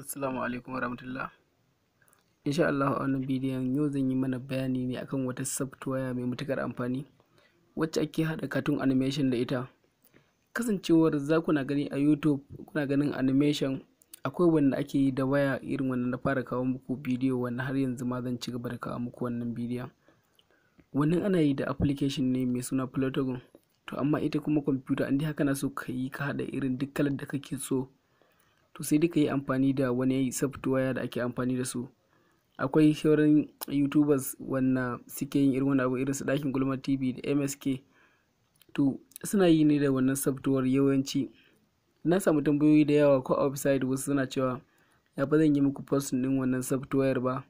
Assalamu alaikum warahmatullah insha Allah a wannan bidiyon yau zan yi mana bayani ne akan wata software mai matukar amfani wacce ake hada cartoon animation da ita kasancewar za na gani a YouTube kuna ganin animation akwai wanda ake yi da waya irin wannan na fara kawo muku bidiyo wanda har yanzu ma zan ci gaba da kawo muku wannan bidiyon wannan ana yi da application ne mai suna Plotagon to amma ita kuma computer in dai haka na so ka yi ka hada irin duk kalar da kake so to sai dai ka yi amfani da wani software da ake amfani da su akwai sauran youtubers wannan suke yin irin wani abu irin su ɗakin gulma tv da msk to suna yi ne da wannan software yawanci na samu tambayoyi da yawa ko a website wasu suna cewa ya ba zan yi muku post din wannan software ba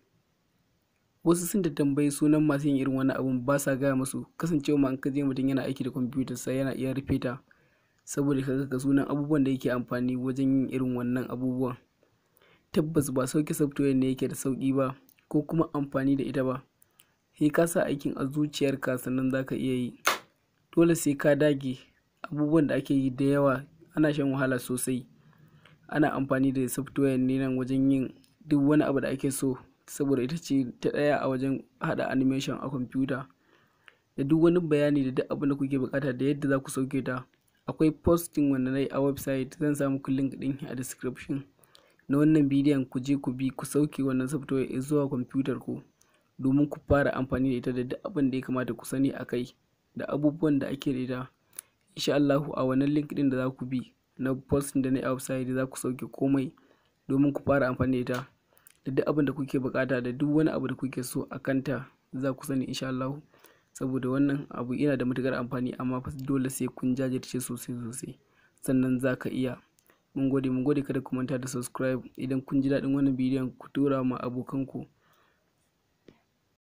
wasu sun da tambayi sunan masu yin irin wani abun ba sa gaya musu kasancewa ma an ka mutum yana aiki da kwamfutar sai yana iya rufe ta saboda kaga ka sunan abubuwan da yake amfani wajen yin irin wannan abubuwan tabbas ba sauke software ne yake da sauki ba ko kuma amfani da ita ba sai ka sa aikin a zuciyarka sannan za ka iya yi dole sai ka dage abubuwan da ake yi da yawa ana shan wahala sosai ana amfani da software ne nan wajen yin duk wani abu da ake so saboda ita ce ta ɗaya a wajen haɗa animation a kwamfuta da duk wani bayani da duk abin da kuke bukata da yadda za ku sauke ta akwai posting wanda na yi a website zan sa muku link din a description na wannan bidiyon ku je ku bi ku sauke wannan software zuwa kwamfutar ku domin ku fara amfani da ita da duk abin da ya kamata ku sani a kai da abubuwan da ake da ita insha Allah a wannan link din da za ku bi na posting da na yi a website za ku sauke komai domin ku fara amfani da ita da duk abin da kuke bukata da duk wani abu da kuke so a kanta za ku sani insha Allah saboda wannan abu yana da matukar amfani amma fa dole sai kun jajirce sosai sosai sannan za ka iya mun gode mun gode kada ku manta da subscribe idan kun ji daɗin wannan bidiyon ku tura ma abokanku